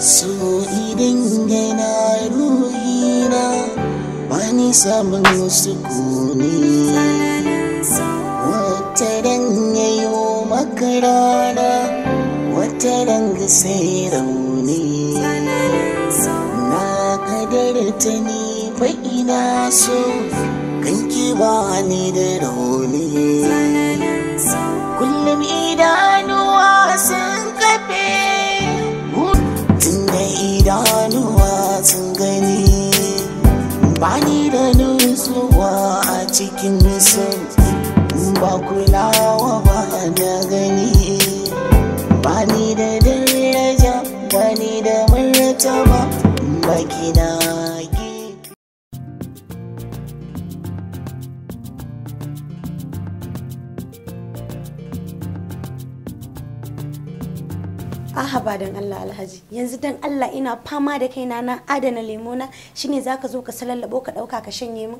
so idan gaina ruhina wani samun wasu kone wata ran yayo maka rana wata ran sai rauni na kadarta ne fa ina so kan ki ba ni da rauni gina Ahaba don Allah Alhaji yanzu dan Allah ina fama da kaina na adana lemona shine zaka zo ka salallabo ka dauka ka shanye min.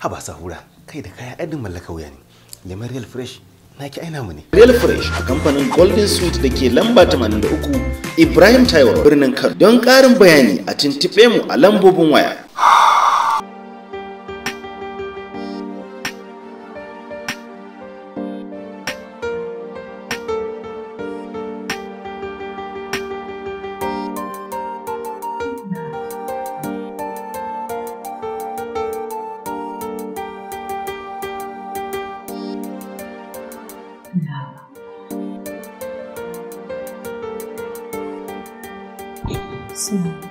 Haba sahura kai da kaya ɗan mallaka wuya ne lemon real fresh Na ki aina mu ne real fresh a kamfanin golden sweet da ke lamba 83 ibrahim taiwo birnin kano don ƙarin bayani a tuntuɓe mu a lambobin waya 是。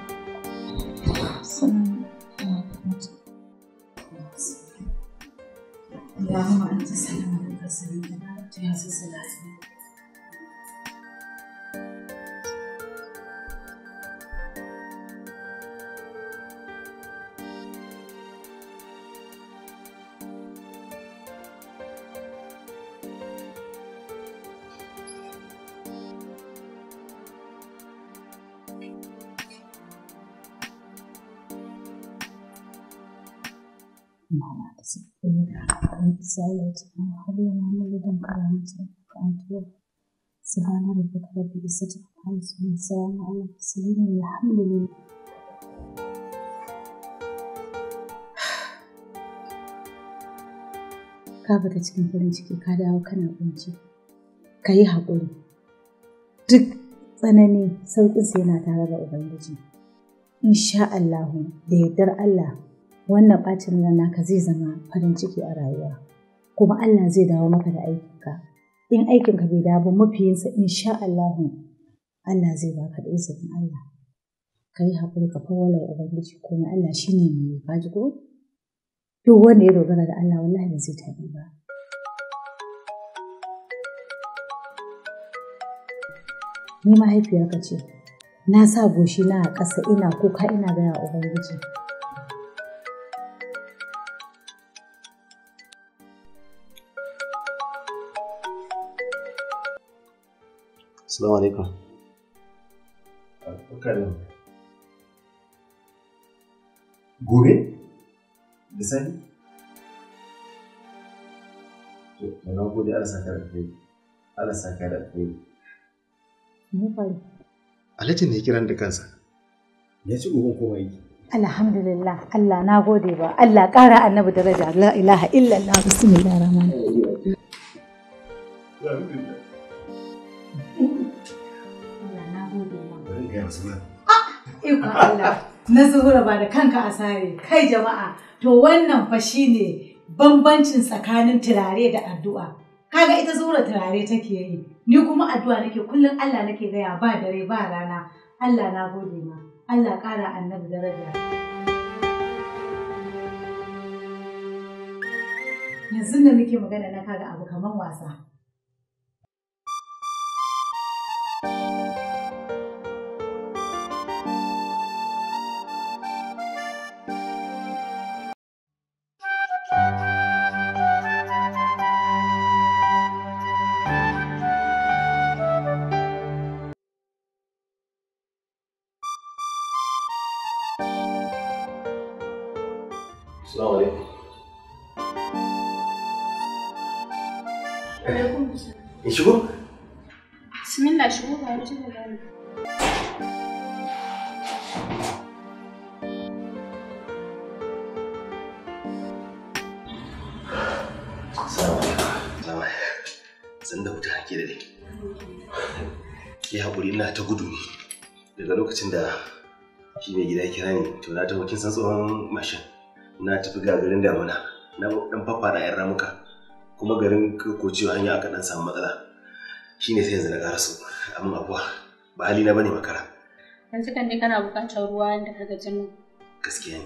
السعيد حبيبنا الذي من كرامته فأنت سبحان ربك رب العزة عما على المرسلين والحمد لله ka baka cikin farin ciki ka dawo kana kunci ka yi haƙuri duk tsanani sauƙinsa yana tare da ubangiji insha Allahu da yardar Allah wannan ɓacin rana ka zai zama farin ciki a rayuwa kuma Allah zai dawo maka da aikinka in aikinka bai dawo ba mafiyinsa insha Allah Allah zai baka da izinin Allah ka yi haƙuri ka fawwalar ubangiji kuma Allah shine mai kaji ko duk wanda ya dogara da Allah wallahi ba zai tabi ba ni mahaifiyarka ce na sa goshi na a ƙasa ina kuka ina gaya ubangiji Assalamu alaikum. Gobe? Da safe? To, na gode Allah saka da kai. ala saka da kai. Me fa? Alhaji ne kiran da kansa. Ya ci gobe ko bai? Alhamdulillah, Allah na gode ba. Allah ƙara annabi daraja. La ilaha illallah bismillahir rahmanir rahim. zuwa. Ah, Iko Allah, na zuhura ba da kanka a sare, kai jama'a, to wannan fa shi ne bambancin tsakanin turare da addu'a. Kaga ita zuhura turare take yi, ni kuma addu'a nake kullum Allah nake gaya ba dare ba rana, Allah na gode ma, Allah ƙara annabi daraja. Yanzu da muke magana na kaga abu kaman wasa. san da na ta gudu ne daga lokacin da shi mai gida kira ne to na tafi kin san tsohon mashin na tafi gagarin damuna na dan fafara yan ramuka kuma garin kocewa hanya aka dan samu matsala Shi ne sai yanzu na ƙara so amma abuwa ba halina na ne makara yanzu kan ne kana buƙatar ruwa da ka gaji gaskiya ne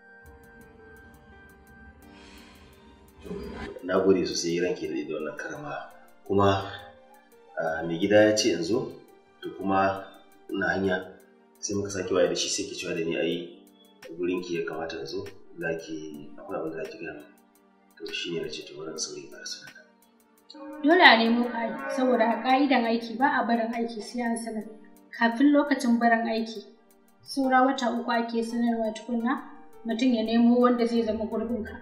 na gode sosai ke da wannan karama kuma mai gida ya ce yanzu to kuma ina hanya sai muka sake waye da shi sai ke cewa da ni ayi gurin ki ya kamata yanzu? zo za ki akwai abin da za ki gaya to shi ne na ce to wurin sauri ba su dole a nemo kai saboda a ƙa'idan aiki ba a barin aiki sai an sanar kafin lokacin barin aiki saura wata uku ake sanarwa tukunna mutum ya nemo wanda zai zama gurbinka.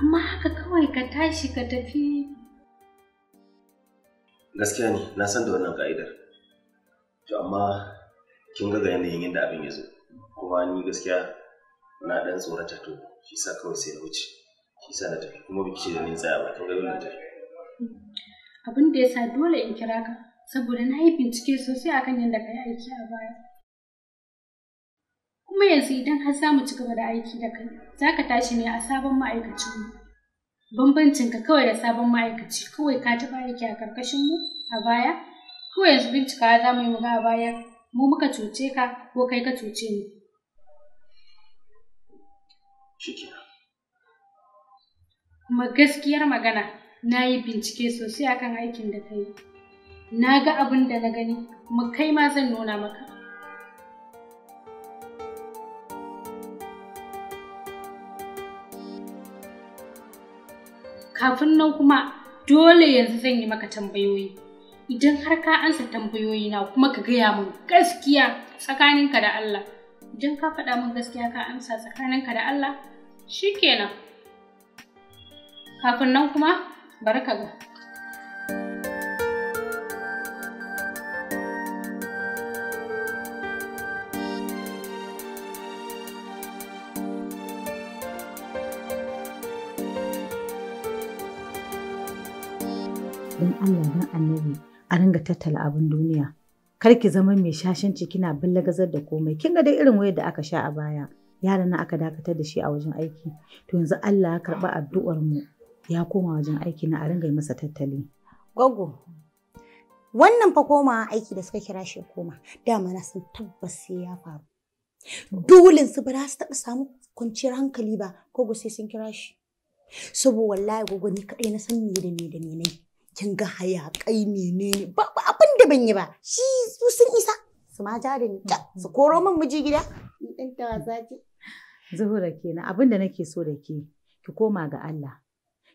amma haka kawai ka tashi ka tafi gaskiya ne na san da wannan ka'idar to amma kin ga yanayin yadda abin ya zo kuma ni gaskiya na dan tsorata to shi sa kawai sai na wuce shi sa na tafi kuma biki da ni tsaya ba kin ga na tafi abin da ya dole in kira ka saboda na yi bincike sosai akan yadda ka yi aiki a baya kuma yanzu idan har za mu ci gaba da aiki da kai za ka tashi ne a sabon ma'aikacinmu ka kawai da sabon ma'aikaci kawai ka taɓa aiki a mu a baya kawai yanzu bincika za mu yi muga a baya mu muka cuce ka ko kai ka cuce mu kuma gaskiyar magana na yi bincike sosai akan aikin da ka na ga abin da na gani kuma kai ma zan nuna maka kafin nan kuma dole yanzu zan yi maka tambayoyi idan har ka ansa tambayoyi na kuma ka gaya min gaskiya tsakaninka da Allah idan ka faɗa min gaskiya ka ansa tsakaninka da Allah shikenan kafin nan kuma baraka ga don Allah don annabi a ringa tattala abin duniya kar ki zama mai shashanci kina ballagazar da komai kin ga dai irin wayar da aka sha a baya yaran nan aka dakatar da shi a wajen aiki to yanzu Allah ya karba addu'ar mu ya koma wajen aiki na a ringa masa tattali gogo wannan fa koma aiki da suka kira shi koma dama na sun tabbas sai ya faru dolin su ba za su taɓa samu kwanciyar hankali ba gogo sai sun kira shi saboda wallahi gogo ni kaɗai na san me da me da me na yi kin ga hayaƙai menene ba abin da ban yi ba shi su sun isa su ma jarin ta su koro min miji gida in dan ta wasa ce zuhura kenan abin da nake so da ke ki koma ga Allah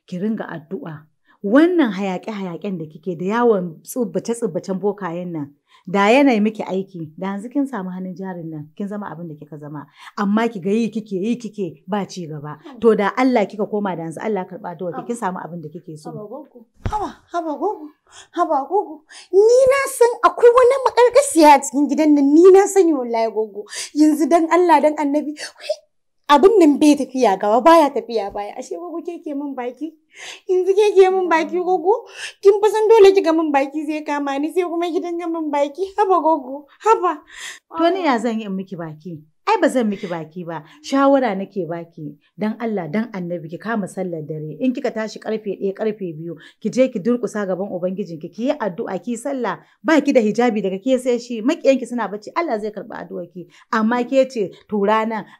ki ringa addu'a wannan hayaƙe-hayaƙen da kike da yawon tsubbace-tsubbacen bokayen nan da yanayi miki aiki da yanzu kin samu hannun jarin nan kin zama abin da kika zama amma ki ga yi kike yi kike ba ci gaba to da Allah kika koma da yanzu Allah karba da kin samu abin da kike so haba haba gogo haba gogo ni na san akwai wani makarkasiya a cikin gidan nan ni na sani wallahi gogo yanzu dan Allah dan annabi abin nan bai tafiya gaba baya tafiya baya ashe gogo ke ke min baki yanzu ke ke min baki gogo kin fa san dole ga min baki zai kama ni sai kuma ki dinga min baki haba gogo haba to ni ya zan yi miki baki ai ba zan miki baki ba shawara nake baki dan Allah dan annabi ki kama sallar dare in kika tashi karfe 1 karfe 2 ki je ki durkusa gaban ubangijinki ki yi addu'a ki sallah baki da hijabi daga ke sai shi makiyanki suna bacci Allah zai karba ki. amma ke ce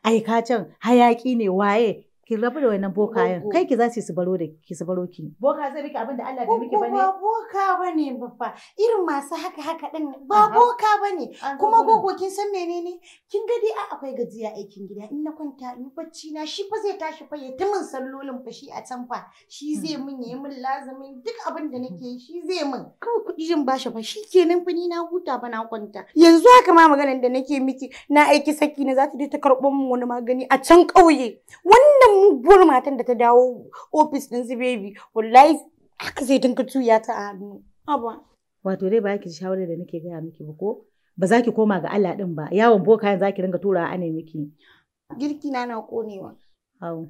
ai ka can hayaki ne waye ki rabu da wannan boka yin kai ki za su su baro da ki su baro ki boka zai miki abin da Allah bai miki bane ba boka bane babba irin masu haka haka din ba boka bane kuma gogo kin san menene kin ga dai akwai gajiya aikin gida in na kwanta in bacci na shi fa zai tashi fa ya timin sallolin fa shi a can fa shi zai hmm. min yi min lazumin duk abin da nake yi shi zai min kawai kuɗi jin bashi fa shi kenan fa ni na huta fa na kwanta yanzu haka ma maganar da nake miki na aiki saki na za ta dai ta karɓo min wani magani a can ƙauye wannan muguwar matan da ta dawo ofis din su baby wallahi aka zai dinka tuya ta a hannu haba wato dai ba ki shawarar da nake gaya miki ba ko ba za ki koma ga Allah din ba yawon boka za ki dinga turawa ana miki girki na na konewa hau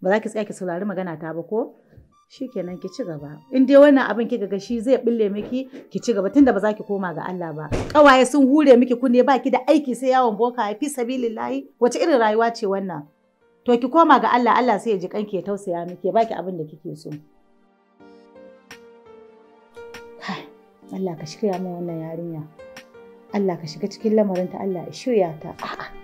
ba za ki tsaya ki saurari magana ta ba ko shikenan ki ci gaba in dai wannan abin kika ga shi zai bille miki ki ci gaba tunda ba za ki koma ga Allah ba kawaye sun hure miki kunne ba ki da aiki sai yawon boka fi sabilillahi wace irin rayuwa ce wannan to ki koma ga Allah Allah sai ya ji kanki ya tausaya miki ya baki abin da kike so Allah ka shirya min wannan yarinya Allah ka shiga cikin lamarinta Allah ya shirya ta a'a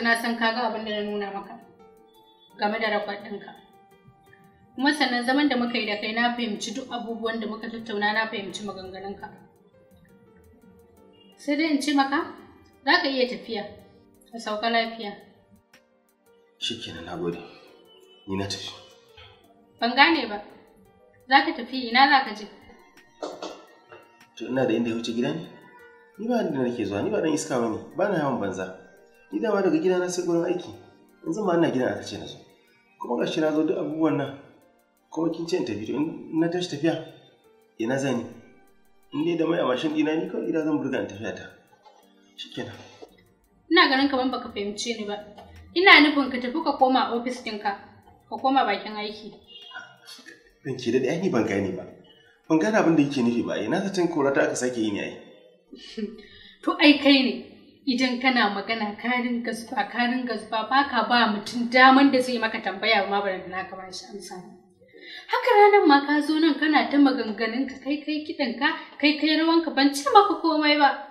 yanzu na san kaga abin da na nuna maka game da rakwat ɗinka. Kuma sannan zaman da muka yi da kai na fahimci duk abubuwan da muka tattauna na fahimci maganganunka. Sai dai in ce maka za ka iya tafiya ka sauka lafiya. Shikenan na gode. Ni na tafi. Ban gane ba. Za ka tafi ina za ka je? To ina da inda ya wuce gida ne? Ni ba da nake zuwa, ni ba dan iska bane, ba na yawan banza. ni dama daga gidana sai gurin aiki yanzu ma ina gida aka ce na zo kuma gashi na zo duk abubuwan nan kuma kin ce in tafi to in na tashi tafiya ina zan yi in dai da mai a mashin ɗina ni kawai gida zan burga in tafiya ta shikenan ina ganin kaman baka fahimce ni ba ina nufin ka tafi ka koma ofis ɗinka ka koma bakin aiki ban ke daɗi ai ban gane ba ban gane abin da yake nufi ba Ina na zaton ta aka sake yi ne ai to ai kai ne idan kana magana karin gasba karin gasba baka ba mutum daman da zai maka tambaya ma ba da naka ba shi amsa haka ranan ma ka zo nan kana ta maganganun ka kai kai kidan ka kai kai rawan ka ban ce maka komai ba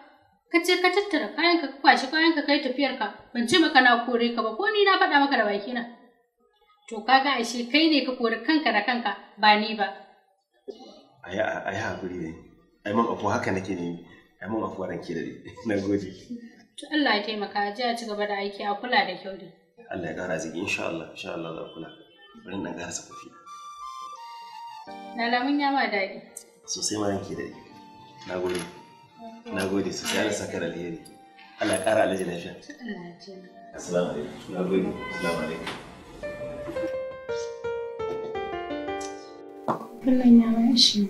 ka ce ka tattara kayan ka kwashi kayan ka kai tafiyar ka ban ce maka na kore ka ba ko ni na faɗa maka da baki na to kaga ashe kai ne ka kori kanka da kanka ba ni ba ayi ayi hakuri ne ai mun afu haka nake ne ai mun afu ranke da ni nagode To Allah ya taimaka ji a ci gaba da aiki a kula da kyau din. Allah ya kara zigi insha Allah insha Allah za kula. Bari na gara sa kofi. Na lamun ya ma daɗi. Sosai ma ranki da Na gode. Na gode sosai Allah saka da alheri. Allah ya kara alaji lafiya. Assalamu alaikum. Na gode. Assalamu alaikum. Allah ya ma shi.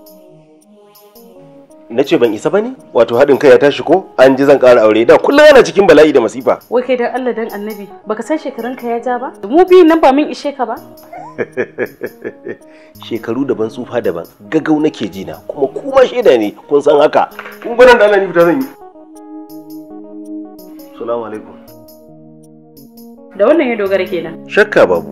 na ce ban isa ba ne wato haɗin kai ya tashi ko an ji zan ƙara aure da kullum yana cikin bala'i da masifa wai kai dan Allah dan annabi baka san shekarun ka ya ja ba mu biyun nan ba min ishe ka ba shekaru daban tsufa daban gagau nake jina kuma kuma shaida ne kun san haka kun gwanin da Allah ni fita zan yi salamu alaikum da wannan ya dogara kenan shakka babu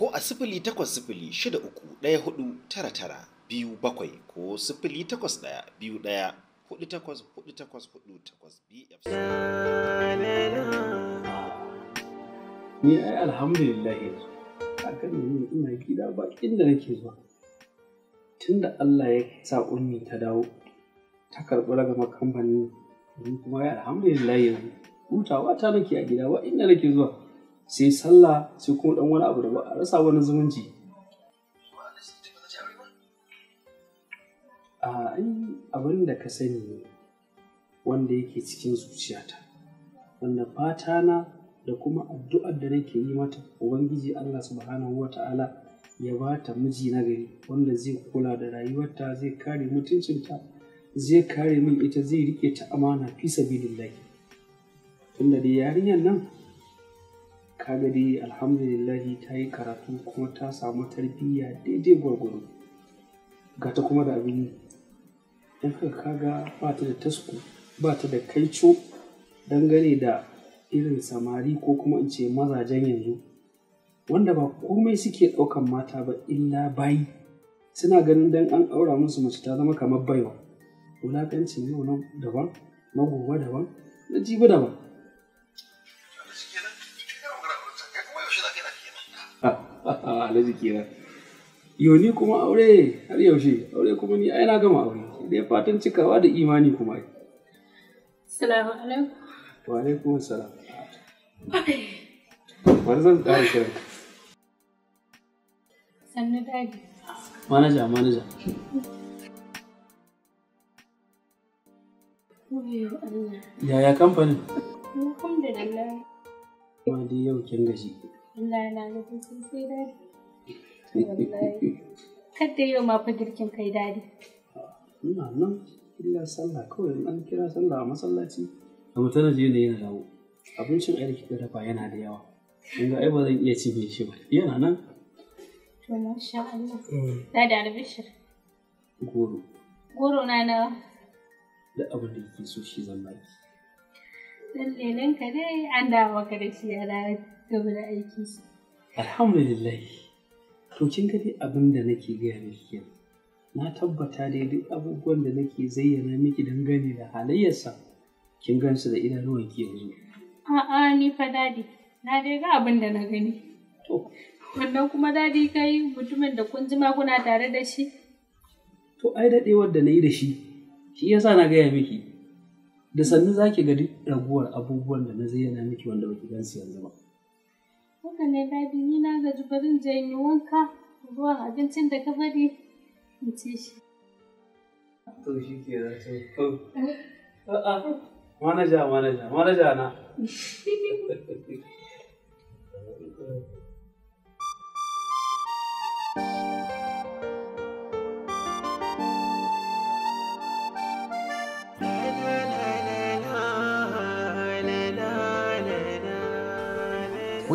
ko a sifili takwas sifili shida uku ɗaya hudu tara tara biyu bakwai ko sifili takwas ɗaya biyu ɗaya hudu takwas hudu takwas hudu takwas bfc ni ai alhamdulillah yanzu akan ne ina gida ba inda nake zuwa tunda Allah ya sa ummi ta dawo ta karɓi ragama kamfanin kuma ya alhamdulillah yanzu hutawa ta nake a gida ba inda nake zuwa sai sallah sai kuma dan wani abu da ba a rasa wani zumunci a abin da ka sani ne wanda yake cikin zuciyata wanda fata na da kuma addu'ar da nake yi mata ubangiji Allah subhanahu wata'ala ya ba ta miji na gari wanda zai kula da rayuwarta zai kare mutuncinta zai kare min ita zai rike ta amana fi sabilillahi tunda da yarinyar nan kaga dai alhamdulillahi ta yi karatu kuma ta samu tarbiyya daidai gwargwaro ga ta kuma da abin yi haka kaga ba ta da tasku ba ta da kaico dangane da irin samari ko kuma in ce mazajen yanzu wanda ba komai suke ɗaukan mata ba illa bayi suna ganin dan an aura musu mace ta zama kamar baiwa wulaƙancin yau nan daban na gobe daban na jibi daban alhaji kenan yau ni kuma aure har yaushe aure kuma ni ai na gama aure dai fatan cikawa da imani kuma ai salamu alaikum wa alaikum salam bari zan ƙara shirin sannu daji manaja manaja yaya kamfanin alhamdulillah ma dai yau kin gaji Allah na ga dukkan sai dadi. Wallahi. Kadda yau ma fa girkin kai dadi. Ina nan illa sallah kawai an kira sallah a masallaci. A mutum na je ne yana dawo. Abincin ai da kika dafa yana da yawa. Kun ga ai ba zan iya cinye shi ba. Yana nan. To masha Allah. Mm. da albishir. Goro. Goro na nawa. Da abin da yake so shi zan baki. Lallai nan ka dai an dawo maka da shi a ranar. gaba da su. Alhamdulillah. To kin ga dai abin da nake gaya miki yau. Na tabbata dai duk abubuwan da nake zayyana miki dangane da halayyarsa kin gansu da idanuwan ki yanzu. A'a ni fa dadi, na dai ga abin da na gani. To. Wannan kuma dadi kai mutumin da kun ji maguna tare da shi. To ai daɗewar da na yi da shi, shi yasa na gaya miki. Da sannu za ki ga duk raguwar abubuwan da na zayyana miki wanda baki gansu yanzu ba. haka ne dadi ni na gaji barin je wanka ruwan abincin da ka bari in ci shi to shi ke da eh? ah, ah. manaja manaja manaja na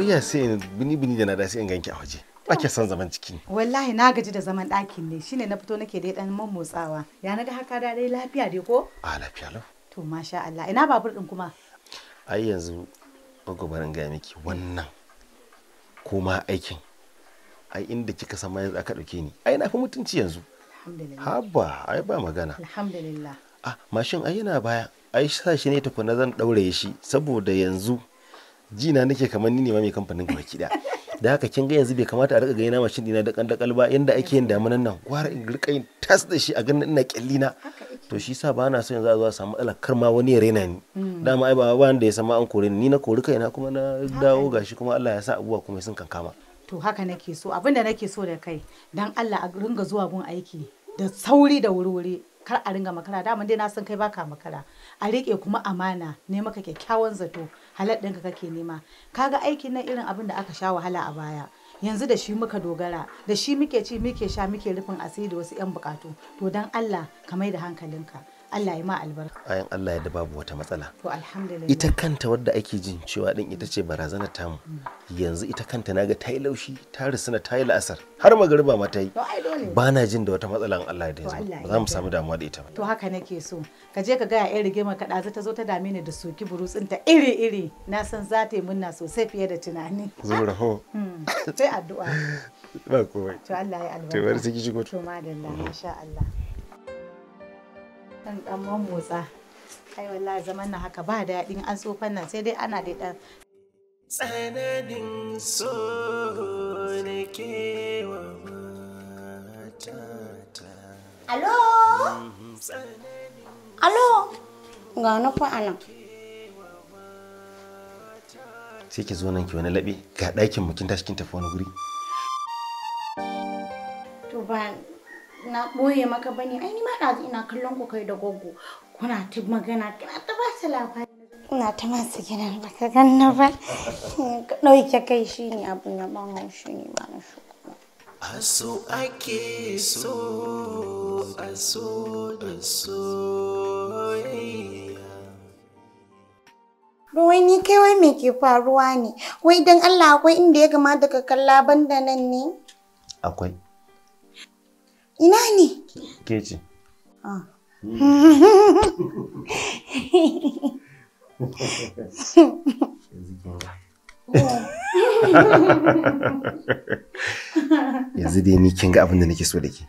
wai sai in bini bini da na da sai in ganki a waje ke son zaman ciki wallahi na gaji da zaman ɗakin ne shine na fito nake dai dan motsawa ya naga haka da dai lafiya dai ko a lafiya lau to masha Allah ina babur din kuma ai yanzu bago barin ga miki wannan kuma aikin ai inda kika san yanzu aka dauke ni ai na fi mutunci yanzu alhamdulillah haba ai ba magana alhamdulillah ah mashin ai yana baya ai sa shi ne tukuna zan daure shi saboda yanzu ji na nake kamar ni ne ma mai kamfanin gaba da da haka kin ga yanzu bai kamata a rika gaina mashin dina da kan dakal ba yadda ake yin damunan nan gwara in rika yin tas da shi a ganin ina kyalli na to shi sa ba na so yanzu a zo a samu matsala kar ma wani ya raina ni mm. dama ai ba ba da ya sama an kore ni na kori kaina kuma na dawo gashi kuma Allah ya sa abubuwa kuma sun kankama to haka nake so abinda nake so da kai dan Allah a ringa zuwa gun aiki da sauri da wuri-wuri kar a ringa makara dama dai na san kai baka makara a rike kuma amana ne maka kyakkyawan zato halar ɗinka kake nema kaga aikin nan irin abin da aka sha wahala a baya yanzu da shi muka dogara da shi muke ci muke sha muke rufin asiri da wasu 'yan bukatu to don allah ka mai da hankalinka Allah ya ma albarka ayan Allah ya da babu wata matsala to alhamdulillah ita kanta wadda ake jin cewa din ita ce barazanar tamu yanzu ita kanta naga ta yi laushi ta risina ta yi la'asar har magariba ma ta yi ba na jin da wata matsalan Allah da yanzu ba za mu samu damuwa da ita ba to haka nake so ka je ka ga ya gemar ka ɗazu ta zo ta dame ni da soki burutsinta iri iri na san za ta yi munna sosai fiye da tunani zura ho hmm. sai addu'a ba komai to Allah ya albarka to bari sai ki shigo to madalla insha Allah ɗan dan motsa kai wallahi zaman na haka ba daɗin an tsofan nan sai dai ana dai dan tsananin so ne ke wa matata alo alo ga wani fa nan. sai ki zo nan ki wani laɓe ga ɗakin mu kin tashi kin tafi wani guri to ba na ɓoye maka bane ai ni ma ɗazu ina kallon ku kai da goggo kuna ta magana kina ta ba su labari ina ta masu gidan ba ka ganna ba ka ɗauke kai shi ne abin ya ban haushi ne ba na shi aso ake so aso da so Ruwai ni kai wai me ke faruwa ne? Wai don Allah akwai inda ya gama daga kalla banda nan ne? Akwai. Ina ne? Ke ah. Yanzu dai ni kin ga abin da nake so da ke.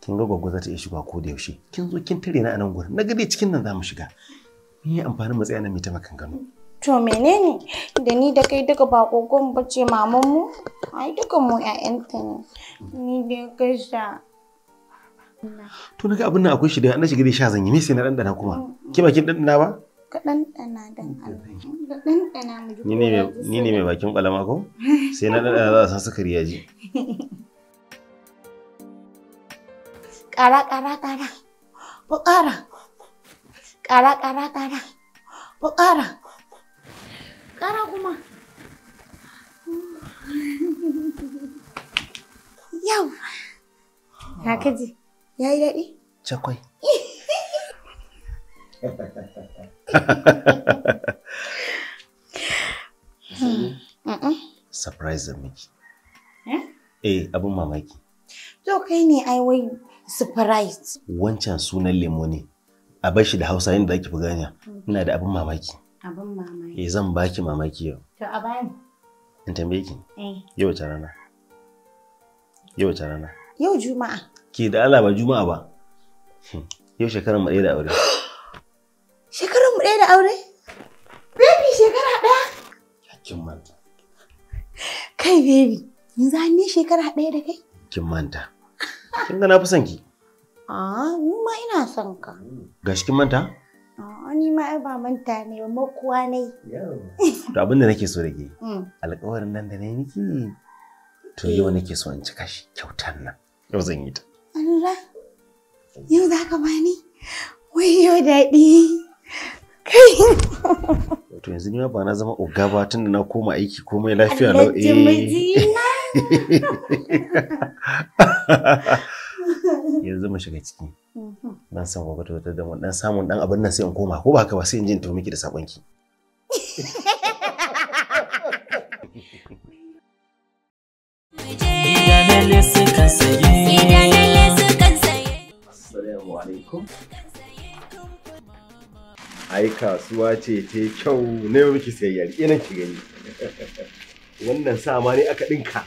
Kin ga gwaggo ta iya shiga ko da yaushe. Kin zo kin tare na a nan gurin. Na ga dai cikin nan za mu shiga. yi amfanin mu tsaya nan mu ta gano. To menene? Da ni da kai duka ba kogon bace mamanmu? Ai duka mu 'ya'yanta ne. Ni dai gaisa. To naga abin nan akwai shi da an shiga dai sha zanyi me sai na dan dana kuma. Ke bakin dana ba? Ka dan dana dan Allah. Dan dana mu. Ni ne ni ne me bakin kwalama ko? Sai na dan dana za a san sukari ya ji. Kara kara ƙara. Ko kara. Kara ƙara ƙara. Ko ƙara. Ƙara kuma. Yau. Na kaji. Ya yi daɗi? Cakwai. Surprise da miki. Eh? eh, abin mamaki. To kai ne ai wai surprise. Wancan sunan lemo ne. A bar shi da Hausa yadda ake fi gane. Ina da abin mamaki. Abin mamaki. Eh, zan baki mamaki yau. To a bani. In tambaye ki. Eh. Yau ta rana. Yau ta rana. Yau Juma'a. Ke da Allah ba Juma'a ba. Hmm. Yau shekarar mu ɗaya da aure. Shekarar mu ɗaya da aure? Baby shekara ɗaya? Kin manta. Kai baby, yanzu an ne shekara ɗaya da kai? Kin manta. Kin ga na fi son ki. Ah, mu ma ina son ka. Gashi kin manta? ni ma ai ba manta ne ba makuwa ne. To abin da nake so da ke. Mm. Alƙawarin nan da na yi miki. To yau nake so in cika shi kyautar nan. Yau zan yi ta. Allah, yau za ka bani? Wai yau daɗi. Kai. Wato yanzu ni ba na zama oga ba tun da na koma aiki komai lafiya lau eh. yanzu mu shiga ciki dan san gobe to da mun dan samun dan abin nan sai in koma ko ba haka ba sai in ji in tafi miki da sabonki lalle sukan saye assalamu alaikum ai kasuwa ce ta kyau ne yau miki yari ina ki gani wannan sama ne aka ɗinka.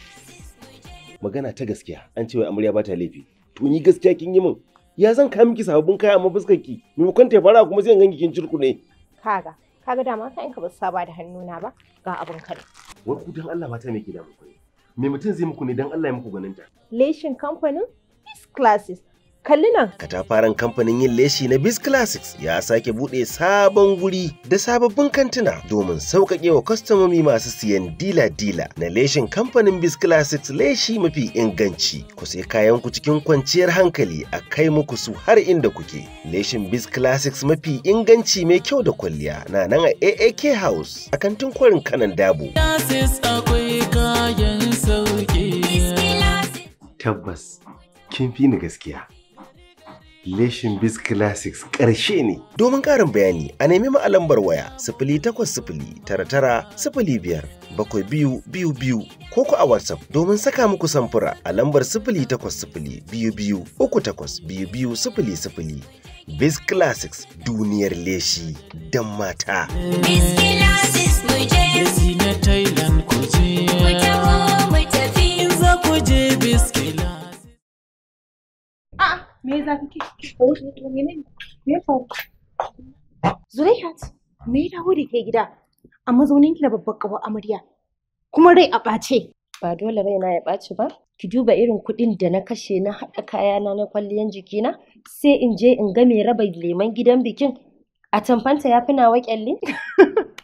magana ta gaskiya an ce wai amarya ba ta laifi to ni gaskiya kin yi min ya zan ka miki sababbin kaya amma fuskar ki maimakon ta fara kuma sai in ganki kin cirku ne kaga kaga dama ka in ka ba saba da hannuna ba ga abin kare wai ku dan Allah mata me ke da mu kai. me mutum zai muku ne don Allah ya muku ganinta. Leshin kamfanin Biz Classics. Kalli nan. Katafaren kamfanin yin leshi na Biz Classics ya sake buɗe sabon guri da sababbin kantuna domin sauƙaƙe wa kwastomomi masu siyan dila-dila na leshin kamfanin Biz Classics leshi mafi inganci. Ku sai kayan ku cikin kwanciyar hankali a kai muku su har inda kuke. Leshin Biz Classics mafi inganci mai kyau da kwalliya na nan a AAK House a kantin kwarin kanan dabo. akwai kayan sauke tabbas kin fi ni gaskiya leshin bis classics ƙarshe ne domin ƙarin bayani a nemi ma waya sifili takwas sifili tara tara sifili biyar bakwai biyu biyu biyu ko ku a whatsapp domin saka muku samfura a lambar sifili takwas sifili biyu biyu uku takwas biyu biyu sifili sifili bis classics duniyar leshi don mata bis classics mu je na thailand ku je me za ka ke me faru Zulaihat me hat's. dawo da ke gida a mazaunin ki da babbar kawo amarya kuma rai a ɓace ba dole raina ya ɓaci ba ki duba irin kuɗin da na kashe na haɗa kayana na kwalliyan jikina sai in je in ga mai raba leman gidan bikin a tamfanta ya fi nawa kyalle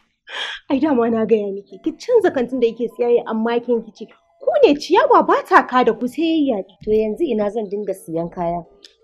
ai dama na gaya miki ki canza kantin da yake siyayya amma kin kici ku ne ciyawa ba ta ka da ku sai yayi. to yanzu ina zan dinga siyan kaya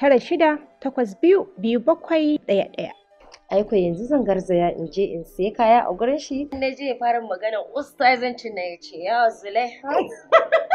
tara shida takwas biyu biyu bakwai ɗaya ɗaya. Aiko yanzu zan garzaya in je in sai kaya a gurin shi. Na je fara magana ustazancin na ya ce yawa zule.